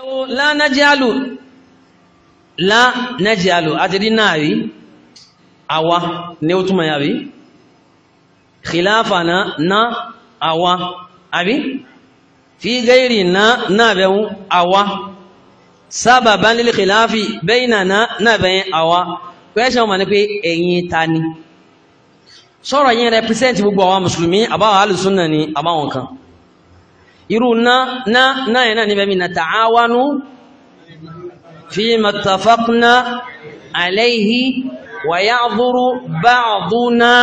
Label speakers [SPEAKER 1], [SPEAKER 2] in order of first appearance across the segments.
[SPEAKER 1] ẹwọ la najalu la najalu
[SPEAKER 2] àti rí náà rí àwa ní ó túnmọ̀ yàrí khilafa na na àwa àbí fi gairi na náà bẹ̀wọ̀n àwa sababan lil khilafi bainana náà bẹ̀yẹn àwa kwẹ́ṣẹ́ wọn ni pé ẹ̀yin ta ni sọ̀rọ̀ yẹn represent gbogbo àwa mùsùlùmí àbáwọn alùsùn náà ni àbáwọn kan irú náà náà níbẹ̀ mi na ta'awanu fima tafaqna alayhi wa ya'dhuru ba'duna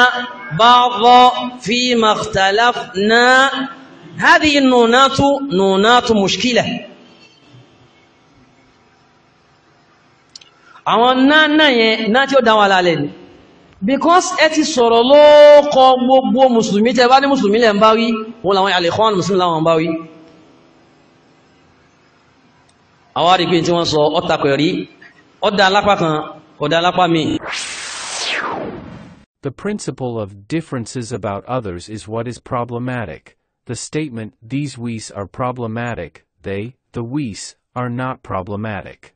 [SPEAKER 2] ba'dha fima ikhtalafna هذه النونات نونات مشكلة àwọn náà náà yẹn náà tí ó dáwà lálẹ́ ni because ẹ ti sọ̀rọ̀ lóókọ gbogbo mùsùlùmí tẹ́ bá ní mùsùlùmí lẹ́ ń bá wí làwọn al-Ikhwan Muslim wọ́n sọ ọ́tàkọ̀ rí ọ̀dà kan
[SPEAKER 1] ọ̀dà mi. The principle of differences about others is what is problematic. The statement, these wees are problematic, they, the wees are not problematic.